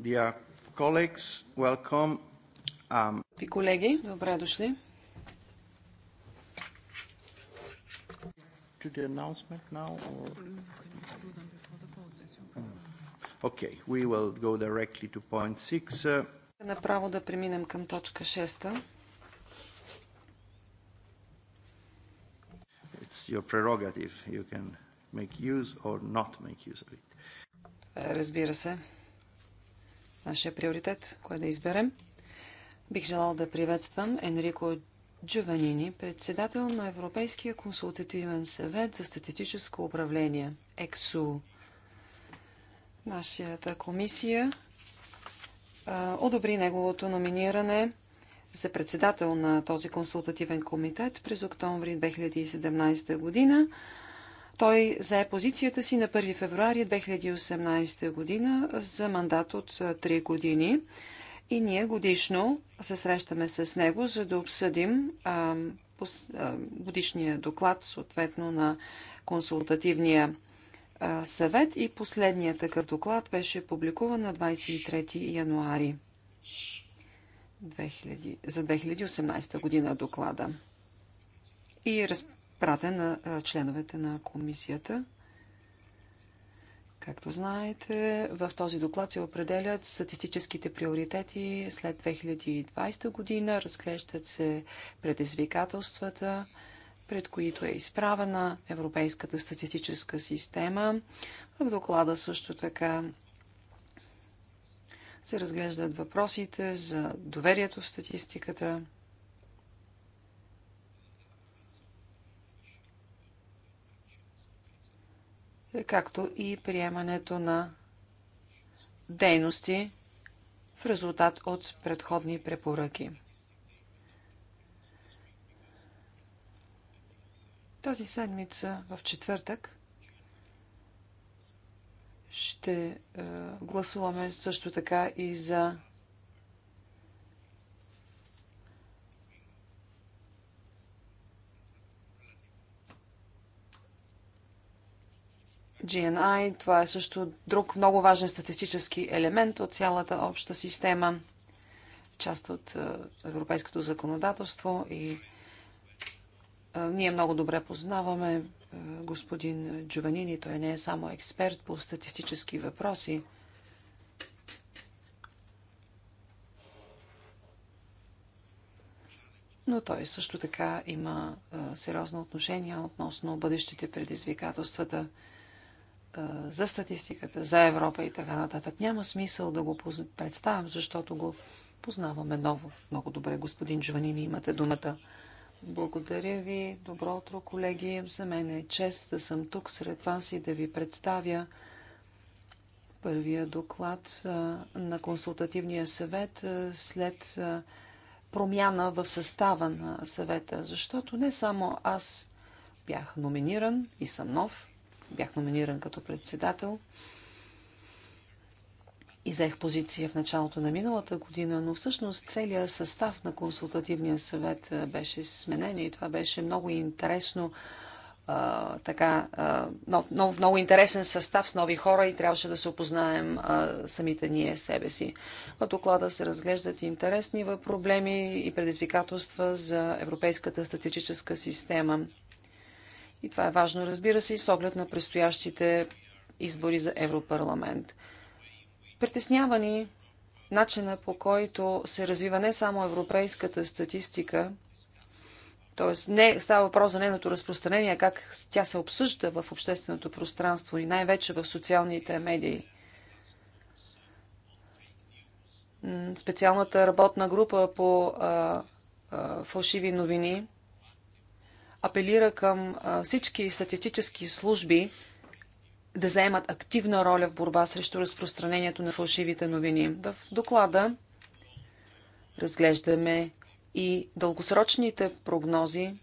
Dear colleagues, welcome. Um... Колеги, добре дошли. To the announcement now or... Okay, we will go directly to point 6. Направо да преминем към точка 6. It's your prerogative. You can make use or not make use of it. Разбира се нашия приоритет, кое да изберем. Бих желал да приветствам Енрико Джованини, председател на Европейския консултативен съвет за статистическо управление, ЕКСУ. Нашата комисия а, одобри неговото номиниране за председател на този консултативен комитет през октомври 2017 година. Той зае позицията си на 1 февруари 2018 година за мандат от 3 години и ние годишно се срещаме с него, за да обсъдим а, пос, а, годишния доклад, съответно на консултативния а, съвет и последният такъв доклад беше публикуван на 23 януари 2000, за 2018 година доклада. И разпределението пратен на членовете на комисията. Както знаете, в този доклад се определят статистическите приоритети след 2020 година, разглеждат се предизвикателствата, пред които е изправена Европейската статистическа система. В доклада също така се разглеждат въпросите за доверието в статистиката, както и приемането на дейности в резултат от предходни препоръки. Тази седмица в четвъртък ще е, гласуваме също така и за GNI. Това е също друг много важен статистически елемент от цялата обща система, част от е, европейското законодателство и е, ние много добре познаваме е, господин Джованини. Той не е само експерт по статистически въпроси. но той също така има сериозно отношение относно бъдещите предизвикателствата за статистиката, за Европа и така нататък. Няма смисъл да го представям, защото го познаваме ново. Много добре, господин Джованини, имате думата. Благодаря ви. Добро утро, колеги. За мен е чест да съм тук сред вас и да ви представя първия доклад на консултативния съвет след промяна в състава на съвета, защото не само аз бях номиниран и съм нов, бях номиниран като председател и заех позиция в началото на миналата година, но всъщност целият състав на консултативния съвет беше сменен и това беше много интересно. Uh, така, uh, нов, нов, много интересен състав с нови хора и трябваше да се опознаем uh, самите ние себе си. В доклада се разглеждат интересни проблеми и предизвикателства за Европейската статистическа система и това е важно, разбира се, и с оглед на предстоящите избори за Европарламент. Притеснява ни начина по който се развива не само европейската статистика, т.е. не става въпрос за нейното разпространение, а как тя се обсъжда в общественото пространство и най-вече в социалните медии. Специалната работна група по а, а, фалшиви новини – апелира към всички статистически служби да заемат активна роля в борба срещу разпространението на фалшивите новини. В доклада разглеждаме и дългосрочните прогнози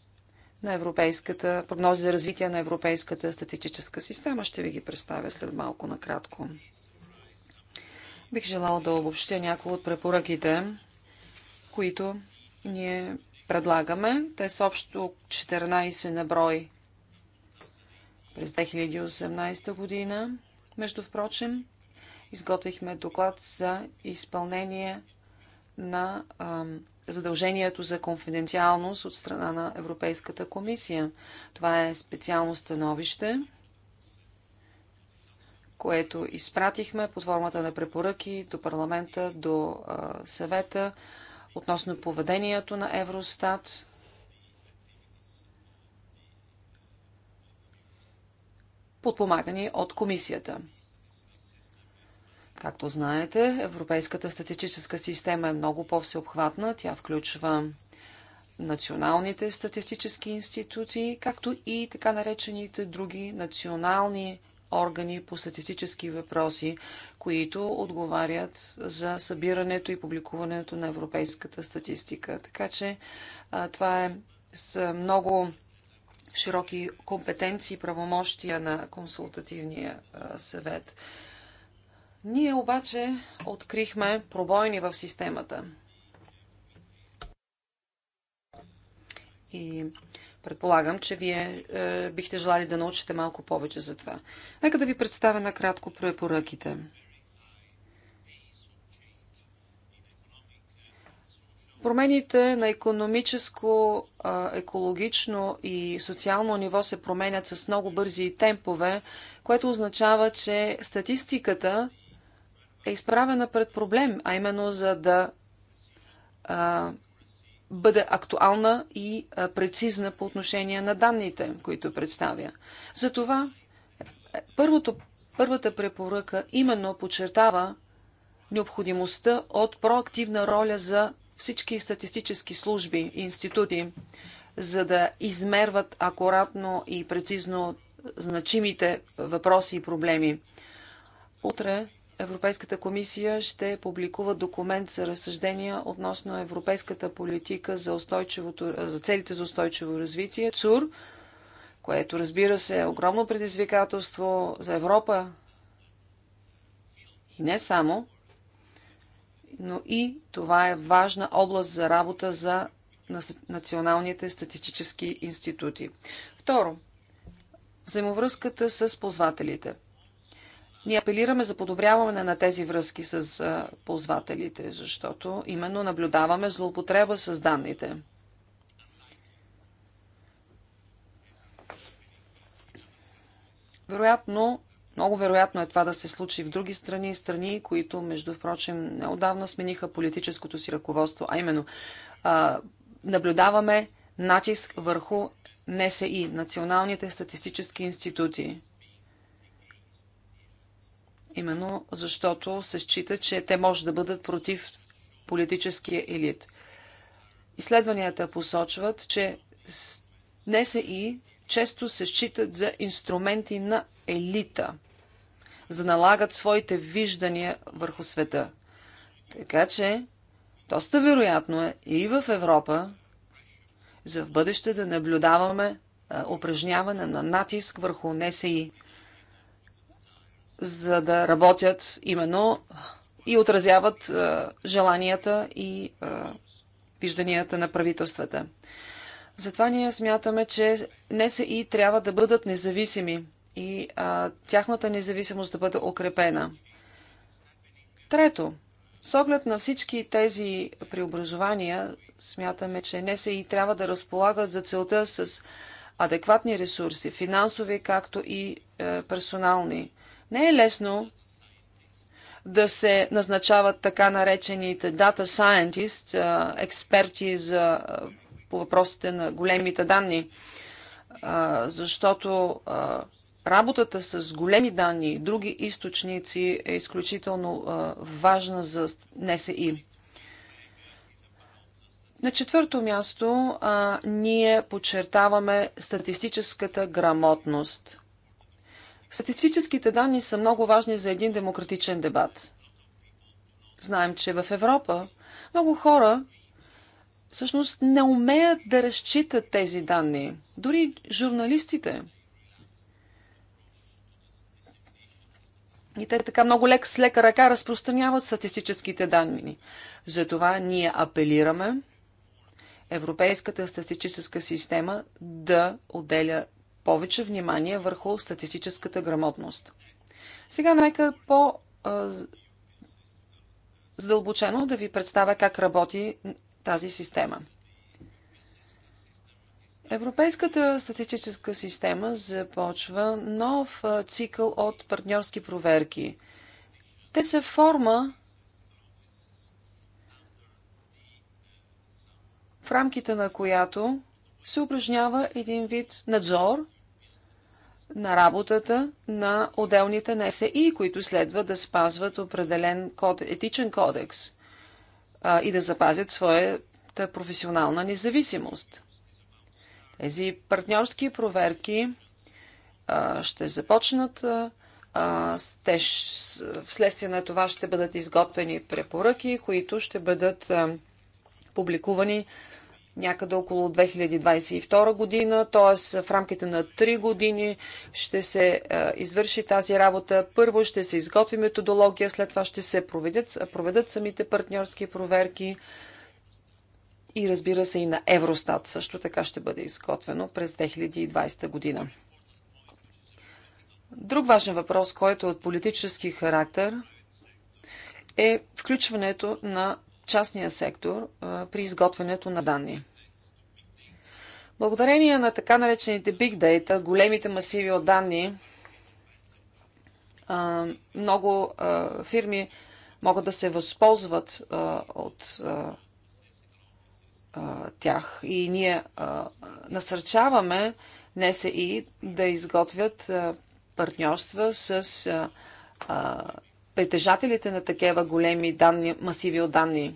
на европейската, прогнози за развитие на европейската статистическа система. Ще ви ги представя след малко накратко. Бих желала да обобщя някои от препоръките, които ние предлагаме. Те са общо 14 на брой през 2018 година. Между впрочем, изготвихме доклад за изпълнение на задължението за конфиденциалност от страна на Европейската комисия. Това е специално становище, което изпратихме под формата на препоръки до парламента, до а, съвета относно поведението на Евростат. подпомагани от комисията. Както знаете, Европейската статистическа система е много по-всеобхватна. Тя включва националните статистически институти, както и така наречените други национални органи по статистически въпроси, които отговарят за събирането и публикуването на европейската статистика. Така че а, това е с много широки компетенции и правомощия на консултативния а, съвет. Ние обаче открихме пробойни в системата. И Предполагам, че вие е, бихте желали да научите малко повече за това. Нека да ви представя накратко препоръките. Промените на економическо, екологично и социално ниво се променят с много бързи темпове, което означава, че статистиката е изправена пред проблем, а именно за да а, бъде актуална и прецизна по отношение на данните, които представя. Затова е, първото, първата препоръка именно подчертава необходимостта от проактивна роля за всички статистически служби и институти, за да измерват акуратно и прецизно значимите въпроси и проблеми. Утре Европейската комисия ще публикува документ за разсъждения относно европейската политика за, за целите за устойчиво развитие, ЦУР, което разбира се е огромно предизвикателство за Европа. И не само, но и това е важна област за работа за националните статистически институти. Второ, взаимовръзката с ползвателите – ние апелираме за подобряване на тези връзки с ползвателите, защото именно наблюдаваме злоупотреба с данните. Вероятно, много вероятно е това да се случи в други страни, страни, които, между впрочем, неодавна смениха политическото си ръководство, а именно а, наблюдаваме натиск върху НСИ, националните статистически институти именно защото се счита, че те може да бъдат против политическия елит. Изследванията посочват, че НСИ често се считат за инструменти на елита, за да налагат своите виждания върху света. Така че, доста вероятно е и в Европа за в бъдеще да наблюдаваме упражняване на натиск върху НСИ – за да работят именно и отразяват желанията и вижданията на правителствата. Затова ние смятаме, че НСИ трябва да бъдат независими и е, тяхната независимост да бъде укрепена. Трето, с оглед на всички тези преобразования, смятаме, че НСИ трябва да разполагат за целта с адекватни ресурси, финансови, както и е, персонални не е лесно да се назначават така наречените data scientists, експерти за, по въпросите на големите данни, защото работата с големи данни и други източници е изключително важна за НСИ. На четвърто място а, ние подчертаваме статистическата грамотност. Статистическите данни са много важни за един демократичен дебат. Знаем, че в Европа много хора всъщност не умеят да разчитат тези данни. Дори журналистите. И те така много лек с лека ръка разпространяват статистическите данни. Затова ние апелираме Европейската статистическа система да отделя повече внимание върху статистическата грамотност. Сега нека по задълбочено да ви представя как работи тази система. Европейската статистическа система започва нов цикъл от партньорски проверки. Те са форма в рамките на която се упражнява един вид надзор на работата на отделните НСИ, които следва да спазват определен код, етичен кодекс а, и да запазят своята професионална независимост. Тези партньорски проверки а, ще започнат. А, те, вследствие на това ще бъдат изготвени препоръки, които ще бъдат а, публикувани някъде около 2022 година, т.е. в рамките на 3 години ще се е, извърши тази работа. Първо ще се изготви методология, след това ще се проведат, проведат самите партньорски проверки и разбира се и на Евростат също така ще бъде изготвено през 2020 година. Друг важен въпрос, който е от политически характер, е включването на частния сектор при изготвянето на данни. Благодарение на така наречените big data, големите масиви от данни, много фирми могат да се възползват от тях. И ние насърчаваме НСИ e да изготвят партньорства с притежателите на такива големи данни, масиви от данни.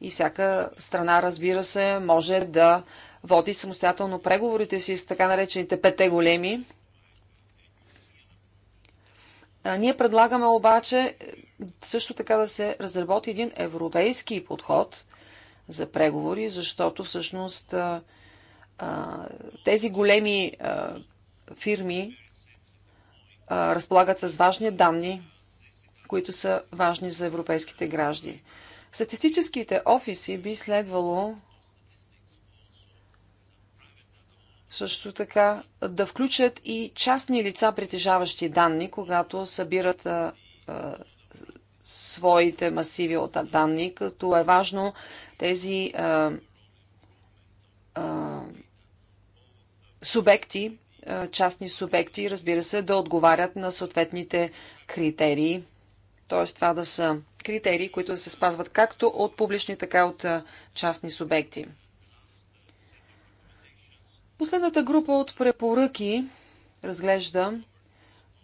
И всяка страна, разбира се, може да води самостоятелно преговорите си с така наречените пете големи. А, ние предлагаме обаче е, също така да се разработи един европейски подход за преговори, защото всъщност а, а, тези големи фирми разполагат с важни данни които са важни за европейските граждани. Статистическите офиси би следвало също така да включат и частни лица, притежаващи данни, когато събират а, а, своите масиви от данни, като е важно тези а, а, субекти, а, частни субекти, разбира се, да отговарят на съответните критерии Тоест това да са критерии, които да се спазват както от публични, така от частни субекти. Последната група от препоръки разглежда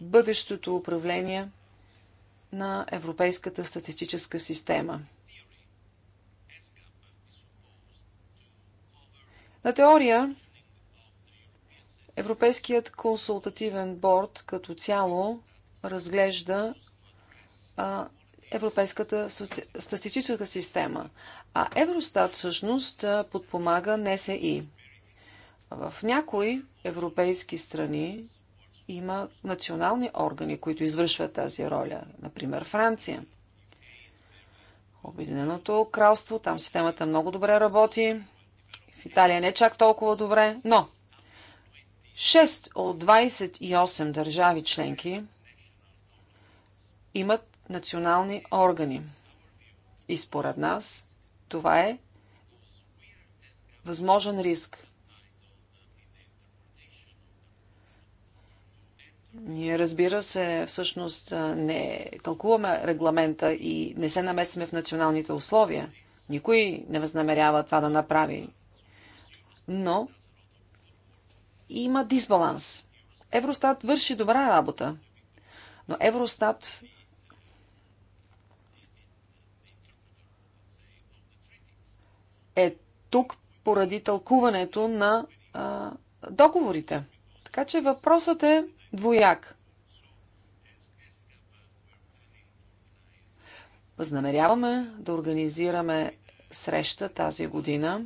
бъдещото управление на Европейската статистическа система. На теория, Европейският консултативен борд като цяло разглежда а, Европейската соци... статистическа система. А Евростат всъщност подпомага НСИ. В някои европейски страни има национални органи, които извършват тази роля. Например, Франция. Обединеното кралство, там системата много добре работи. В Италия не чак толкова добре, но 6 от 28 държави членки имат национални органи. И според нас това е възможен риск. Ние, разбира се, всъщност не тълкуваме регламента и не се намесваме в националните условия. Никой не възнамерява това да направи. Но има дисбаланс. Евростат върши добра работа, но Евростат тук поради тълкуването на а, договорите. Така че въпросът е двояк. Възнамеряваме да организираме среща тази година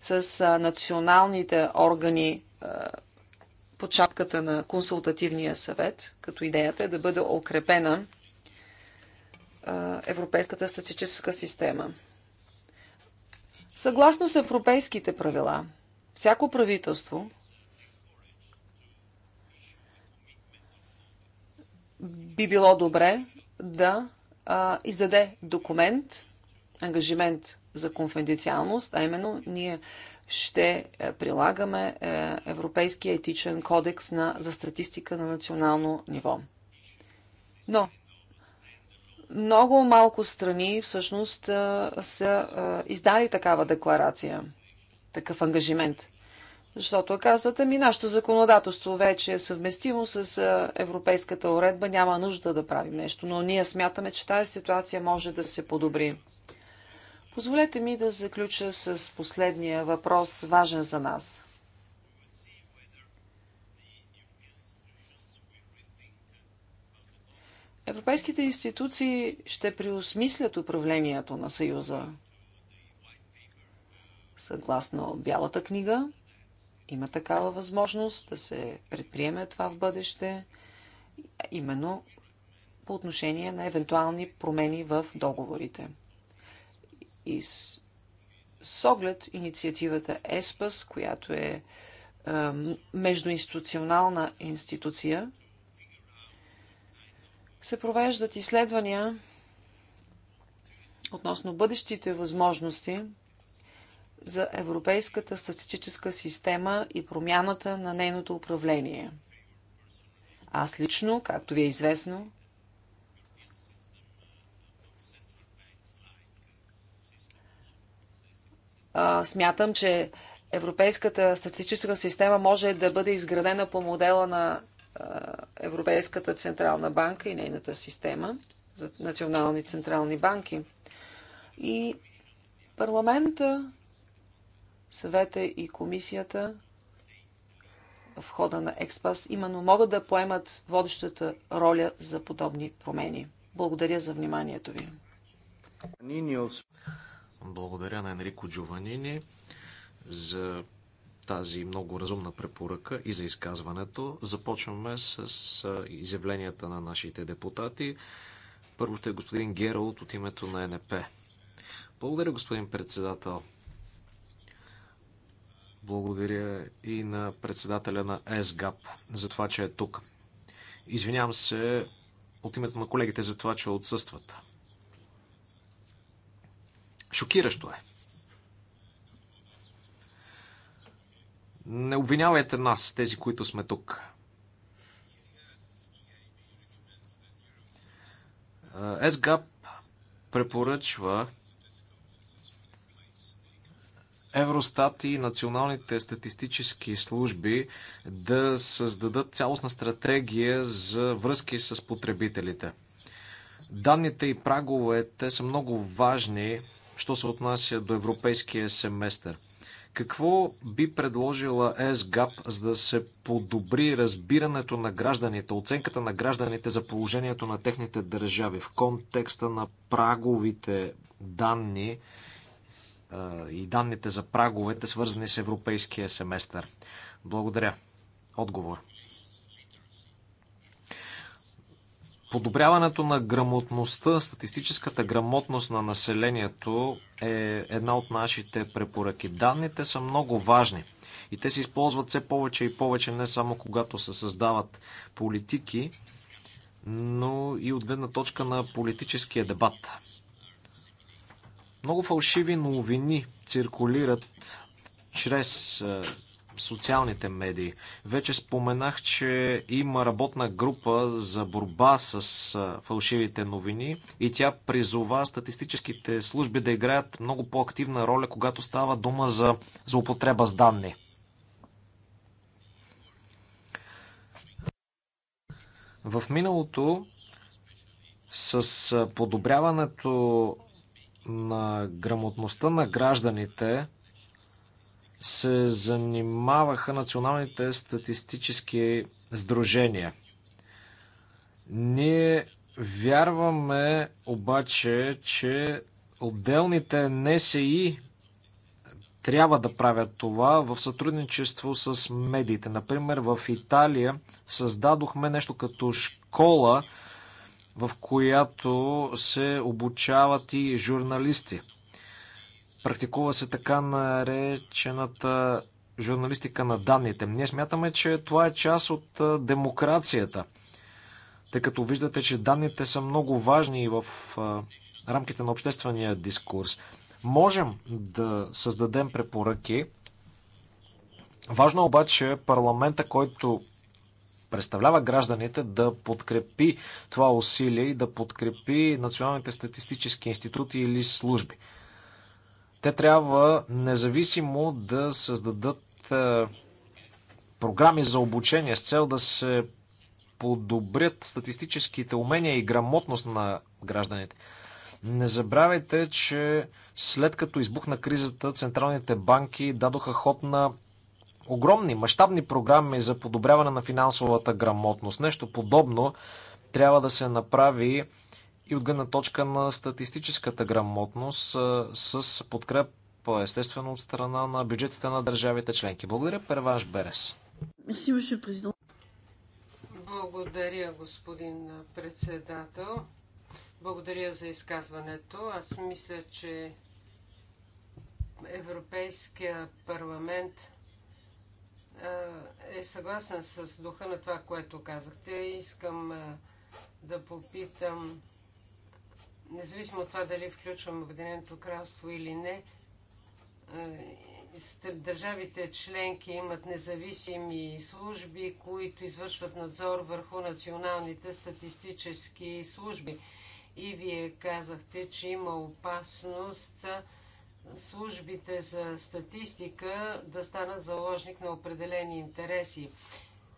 с а, националните органи а, под шапката на консултативния съвет, като идеята е да бъде укрепена а, Европейската статистическа система. Съгласно с европейските правила, всяко правителство би било добре да а, издаде документ, ангажимент за конфиденциалност, а именно ние ще е, прилагаме е, Европейския етичен кодекс на, за статистика на национално ниво. Но много малко страни всъщност са издали такава декларация, такъв ангажимент. Защото казвате ми, нашето законодателство вече е съвместимо с европейската уредба, няма нужда да правим нещо, но ние смятаме, че тази ситуация може да се подобри. Позволете ми да заключа с последния въпрос, важен за нас. Европейските институции ще преосмислят управлението на Съюза. Съгласно Бялата книга, има такава възможност да се предприеме това в бъдеще, именно по отношение на евентуални промени в договорите. И с, с оглед инициативата ЕСПАС, която е, е междуинституционална институция, се провеждат изследвания относно бъдещите възможности за Европейската статистическа система и промяната на нейното управление. Аз лично, както ви е известно, смятам, че Европейската статистическа система може да бъде изградена по модела на Европейската централна банка и нейната система за национални централни банки. И парламента, съвета и комисията в хода на ЕКСПАС именно могат да поемат водещата роля за подобни промени. Благодаря за вниманието ви. Благодаря на Енрико Джованини за тази много разумна препоръка и за изказването. Започваме с изявленията на нашите депутати. Първо ще е господин Гералт от името на НП. Благодаря, господин председател. Благодаря и на председателя на ЕСГАП за това, че е тук. Извинявам се от името на колегите за това, че отсъстват. Шокиращо е. Не обвинявайте нас, тези, които сме тук. SGAP е, препоръчва Евростат и националните статистически служби да създадат цялостна стратегия за връзки с потребителите. Данните и праговете са много важни, що се отнася до европейския семестър. Какво би предложила ЕСГАП, за да се подобри разбирането на гражданите, оценката на гражданите за положението на техните държави в контекста на праговите данни и данните за праговете, свързани с европейския семестър? Благодаря. Отговор. Подобряването на грамотността, статистическата грамотност на населението е една от нашите препоръки. Данните са много важни и те се използват все повече и повече, не само когато се създават политики, но и от гледна точка на политическия дебат. Много фалшиви новини циркулират чрез е, социалните медии. Вече споменах, че има работна група за борба с фалшивите новини и тя призова статистическите служби да играят много по-активна роля, когато става дума за злоупотреба с данни. В миналото с подобряването на грамотността на гражданите се занимаваха националните статистически сдружения. Ние вярваме обаче, че отделните НСИ трябва да правят това в сътрудничество с медиите. Например, в Италия създадохме нещо като школа, в която се обучават и журналисти. Практикува се така наречената журналистика на данните. Ние смятаме, че това е част от демокрацията, тъй като виждате, че данните са много важни в рамките на обществения дискурс. Можем да създадем препоръки. Важно е обаче парламента, който представлява гражданите, да подкрепи това усилие и да подкрепи националните статистически институти или служби. Те трябва независимо да създадат е, програми за обучение с цел да се подобрят статистическите умения и грамотност на гражданите. Не забравяйте, че след като избухна кризата, централните банки дадоха ход на огромни, мащабни програми за подобряване на финансовата грамотност. Нещо подобно трябва да се направи и от гледна точка на статистическата грамотност с подкреп естествено от страна на бюджетите на държавите членки. Благодаря, Перваш Берес. Благодаря, господин председател. Благодаря за изказването. Аз мисля, че Европейския парламент е съгласен с духа на това, което казахте. Искам да попитам независимо от това дали включвам Обединеното кралство или не, е, държавите членки имат независими служби, които извършват надзор върху националните статистически служби. И вие казахте, че има опасност службите за статистика да станат заложник на определени интереси.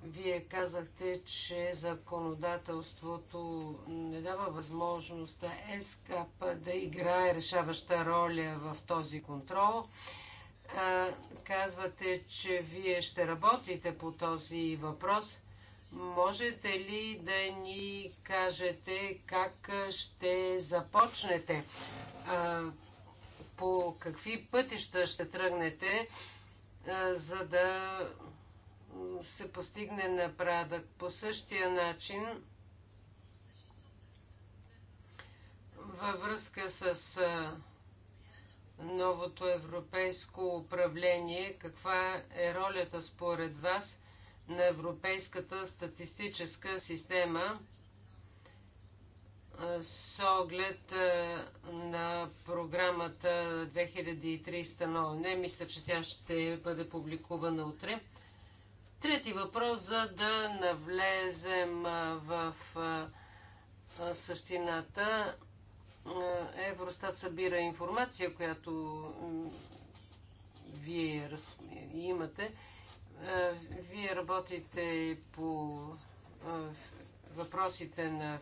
Вие казахте, че законодателството не дава възможност ЕСКАП да играе решаваща роля в този контрол. Казвате, че вие ще работите по този въпрос. Можете ли да ни кажете как ще започнете? По какви пътища ще тръгнете, за да се постигне напредък. По същия начин, във връзка с новото европейско управление, каква е ролята според вас на Европейската статистическа система с оглед на програмата 2300 на ОНЕ? Мисля, че тя ще бъде публикувана утре. Трети въпрос, за да навлезем в същината. Евростат събира информация, която вие имате. Вие работите по въпросите на,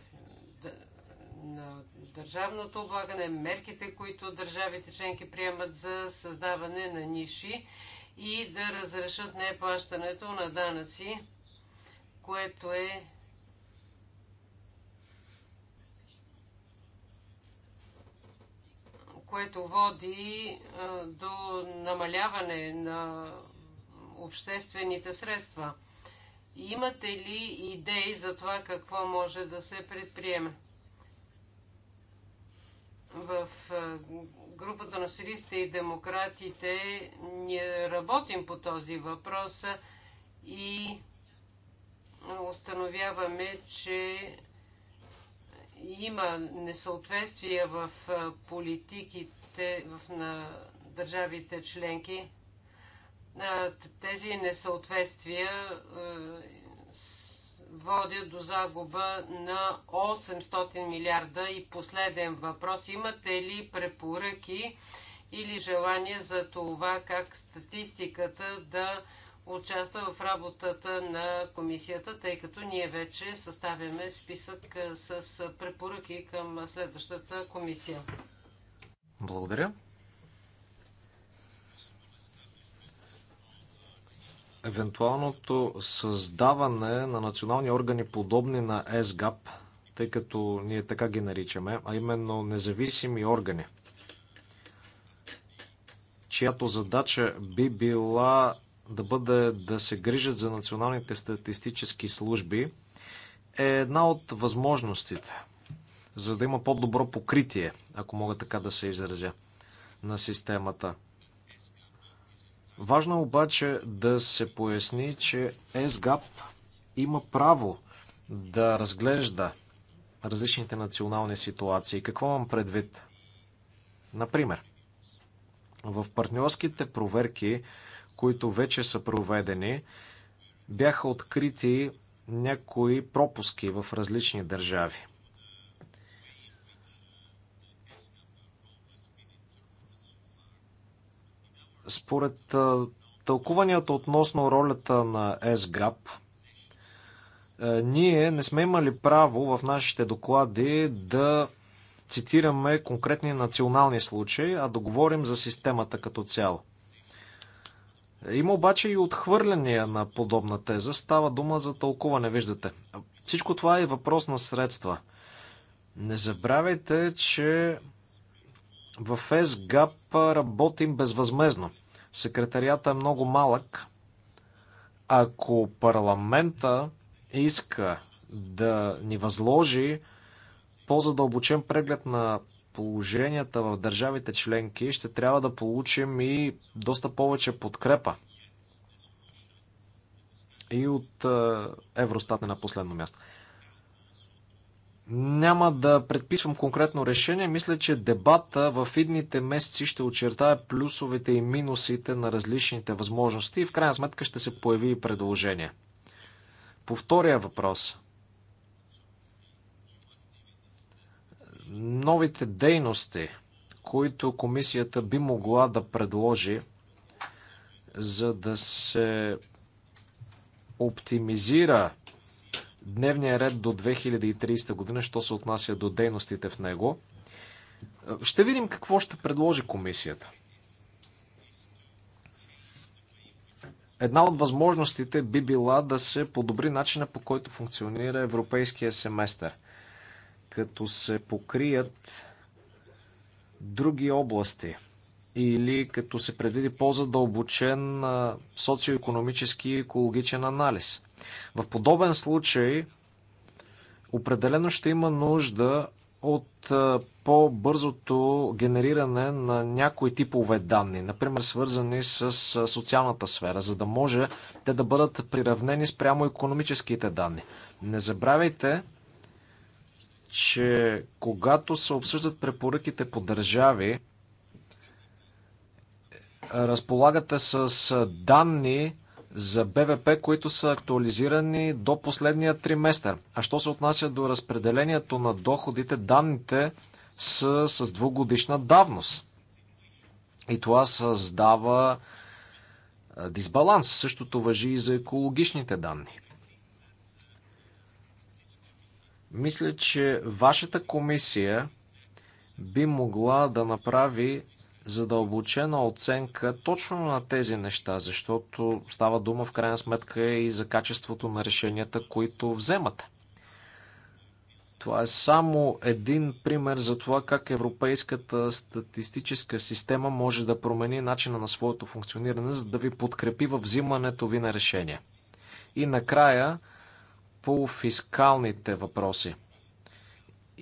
на държавното облагане, мерките, които държавите членки приемат за създаване на ниши и да разрешат неплащането на данъци, което е което води до намаляване на обществените средства. Имате ли идеи за това какво може да се предприеме? В групата на сирийците и демократите ние работим по този въпрос и установяваме, че има несъответствия в политиките на държавите членки. Тези несъответствия водят до загуба на 800 милиарда. И последен въпрос. Имате ли препоръки или желание за това как статистиката да участва в работата на комисията, тъй като ние вече съставяме списък с препоръки към следващата комисия? Благодаря. евентуалното създаване на национални органи подобни на ЕСГАП, тъй като ние така ги наричаме, а именно независими органи, чиято задача би била да бъде да се грижат за националните статистически служби, е една от възможностите, за да има по-добро покритие, ако мога така да се изразя, на системата. Важно е обаче да се поясни, че ЕСГАП има право да разглежда различните национални ситуации. Какво имам предвид? Например, в партньорските проверки, които вече са проведени, бяха открити някои пропуски в различни държави. Според тълкуванията относно ролята на СГАП, ние не сме имали право в нашите доклади да цитираме конкретни национални случаи, а да говорим за системата като цяло. Има обаче и отхвърляния на подобна теза. Става дума за тълкуване, виждате. Всичко това е въпрос на средства. Не забравяйте, че в СГАП работим безвъзмезно. Секретарията е много малък. Ако парламента иска да ни възложи по-задълбочен преглед на положенията в държавите членки, ще трябва да получим и доста повече подкрепа. И от е, Евростат не на последно място. Няма да предписвам конкретно решение. Мисля, че дебата в идните месеци ще очертае плюсовете и минусите на различните възможности и в крайна сметка ще се появи и предложение. По втория въпрос. Новите дейности, които комисията би могла да предложи, за да се оптимизира дневния ред до 2030 година, що се отнася до дейностите в него. Ще видим какво ще предложи комисията. Една от възможностите би била да се подобри начина по който функционира европейския семестър, като се покрият други области – или като се предвиди по-задълбочен социо-економически и екологичен анализ. В подобен случай определено ще има нужда от по-бързото генериране на някои типове данни, например свързани с социалната сфера, за да може те да бъдат приравнени спрямо економическите данни. Не забравяйте, че когато се обсъждат препоръките по държави, разполагате с данни за БВП, които са актуализирани до последния триместър. А що се отнася до разпределението на доходите, данните са с двугодишна давност. И това създава дисбаланс. Същото въжи и за екологичните данни. Мисля, че вашата комисия би могла да направи задълбочена оценка точно на тези неща, защото става дума в крайна сметка и за качеството на решенията, които вземате. Това е само един пример за това как европейската статистическа система може да промени начина на своето функциониране, за да ви подкрепи във взимането ви на решения. И накрая по фискалните въпроси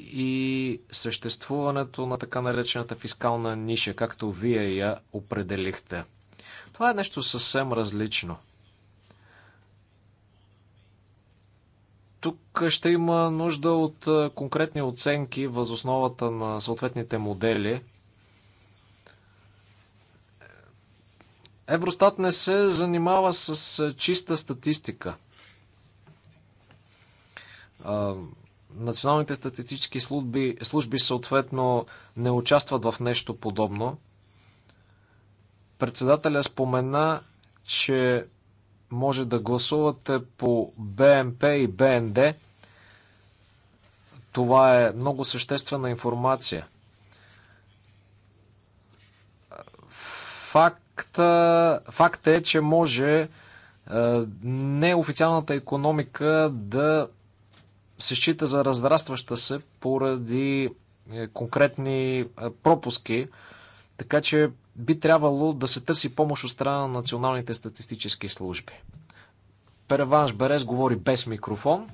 и съществуването на така наречената фискална ниша, както вие я определихте. Това е нещо съвсем различно. Тук ще има нужда от конкретни оценки въз основата на съответните модели. Евростат не се занимава с чиста статистика Националните статистически служби, служби съответно не участват в нещо подобно. Председателя спомена, че може да гласувате по БМП и БНД. Това е много съществена информация. Факта, факт е, че може е, неофициалната економика да се счита за раздрастваща се поради е, конкретни е, пропуски, така че би трябвало да се търси помощ от страна на националните статистически служби. Переванш Берез говори без микрофон.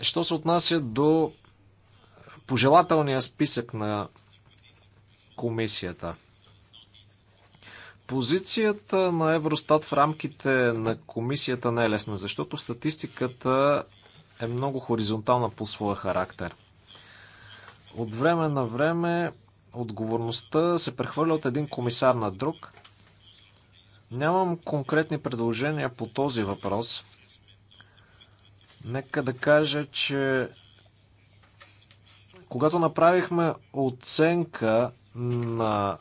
Що се отнася до пожелателния списък на комисията – Позицията на Евростат в рамките на комисията не е лесна, защото статистиката е много хоризонтална по своя характер. От време на време отговорността се прехвърля от един комисар на друг. Нямам конкретни предложения по този въпрос. Нека да кажа, че когато направихме оценка на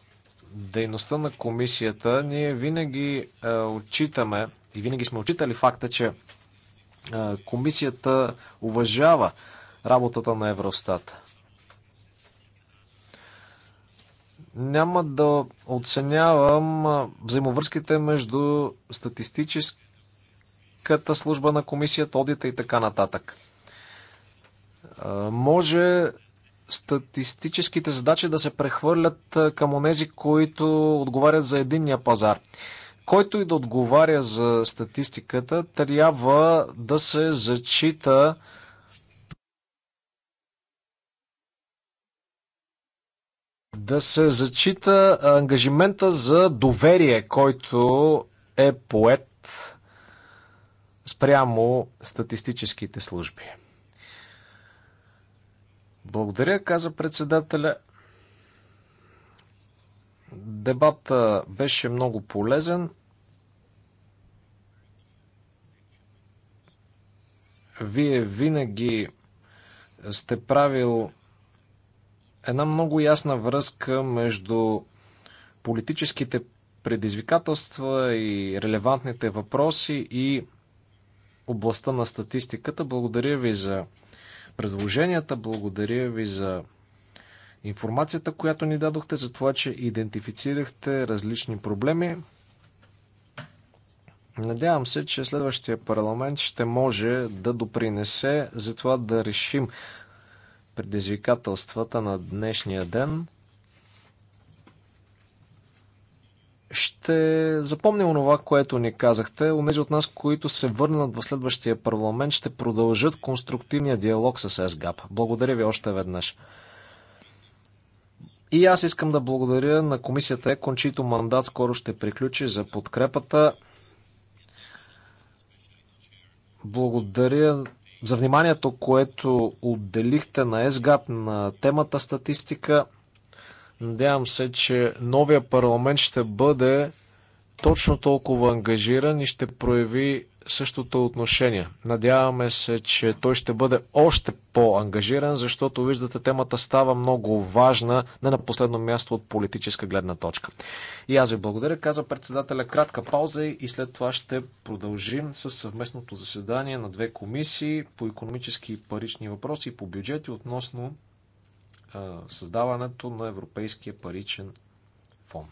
дейността на комисията, ние винаги а, е, отчитаме и винаги сме отчитали факта, че а, е, комисията уважава работата на Евростат. Няма да оценявам е, взаимовръзките между статистическата служба на комисията, одита и така нататък. може статистическите задачи да се прехвърлят към онези, които отговарят за единния пазар. Който и да отговаря за статистиката, трябва да се зачита да се зачита ангажимента за доверие, който е поет спрямо статистическите служби. Благодаря, каза председателя. Дебата беше много полезен. Вие винаги сте правил една много ясна връзка между политическите предизвикателства и релевантните въпроси и областта на статистиката. Благодаря ви за предложенията. Благодаря ви за информацията, която ни дадохте, за това, че идентифицирахте различни проблеми. Надявам се, че следващия парламент ще може да допринесе за това да решим предизвикателствата на днешния ден – ще запомним онова, което ни казахте. Унези от нас, които се върнат в следващия парламент, ще продължат конструктивния диалог с СГАП. Благодаря ви още веднъж. И аз искам да благодаря на комисията ЕКОН, чийто мандат скоро ще приключи за подкрепата. Благодаря за вниманието, което отделихте на СГАП на темата статистика. Надявам се, че новия парламент ще бъде точно толкова ангажиран и ще прояви същото отношение. Надяваме се, че той ще бъде още по-ангажиран, защото виждате, темата става много важна, не на последно място от политическа гледна точка. И аз ви благодаря, каза председателя. Кратка пауза и след това ще продължим с съвместното заседание на две комисии по економически и парични въпроси и по бюджети относно създаването на Европейския паричен фонд.